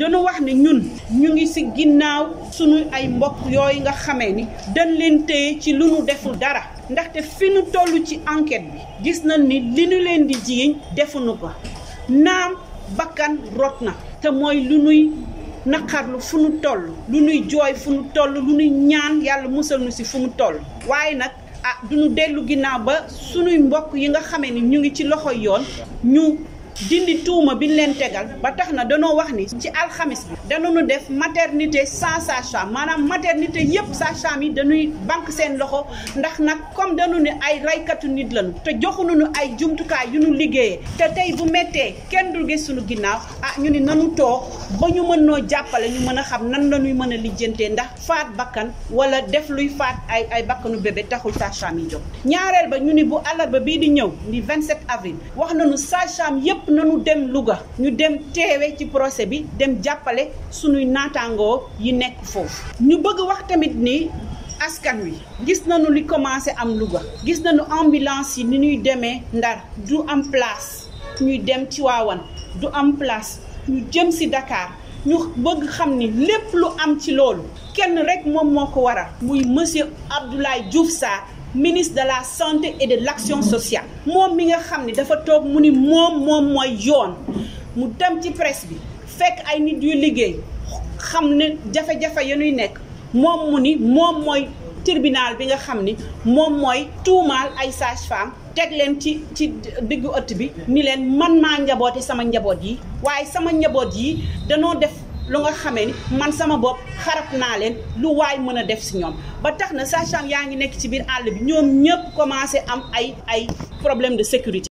dañu wax ne ñun ñu ngi ci ginnaaw suñu ay mbokk yooyu nga xame ni dañ leen téye ci lu ñu deful dara ndaxte fi ñu toll ci enquête bi gis nañ ni li ñu leen di jiiñ defuñu ko naam bakkan rot na te mooy lu ñuy naqarlu fu toll lu ñuy jooy fu ñu toll lu ñuy ñaan yàlla musal nu ci fu mu toll waaye nag ah duñu dellu ginnaaw ba sunuy mbokk yi nga xame ni ñu ngi ci loxo yoon dindi tuuma bi leen tegal ba tax na danoo wax ni ci alxamis bi danañu def maternité sans sage-femme maanaam maternité yëpp sage-femme yi dañuy banque seen loxo ndax nag comme danu ne ay raykatu nit lañu te joxuñu nu ay jumtukaay yu ñu liggéeyee te tey bu méttee kenn du gis suñu ginnaaw ah ñu ni nanu toog ba ñu mën noo jàppale ñu mën a xam nan la ñuy mën a lijjantee ndax faat bakkan wala def luy faat ay ay bakkanu bébé taxul sage yi jóg ñaareel ba ñu ni bu àllarba bii di ñëw di 27 avril wax nañu sage-femme yëpp ñëpp nañu dem Louga ñu dem teewe ci procès bi dem jàppale suñuy naataangoo yi nekk foofu ñu bëgg wax tamit ni askan wi gis nañu li commencé am Louga gis nañu ambulance yi ni ñuy demee Ndar du am place ñuy dem ci Tiwaawan du am place ñu jëm si Dakar ñu bëgg xam ni lépp lu am ci loolu kenn rek moom moo ko waral muy monsieur Abdoulaye Diouf saa ministre de la santé et de l'action sociale moom mi nga xam ni dafa toog mu ni moom moom mooy yoon mu dem ci presse bi fekk ay nit yu liggéey xam ne jafe-jafe ya ñuy nekk moom mu ni moom mooy tribunal bi nga xam ni moom mooy tuumaal ay sage-femme teg leen ci ci diggu ëtt bi ni leen man maa njaboote sama njaboot yi waaye sama njaboot yi danoo def lu nga xamee ni man sama bopp xarab naa leen lu waay mën a def si ñoom ba tax na sage-femme yaa ngi nekk ci biir àll bi ñoom ñëpp commencé am ay ay problème de sécurité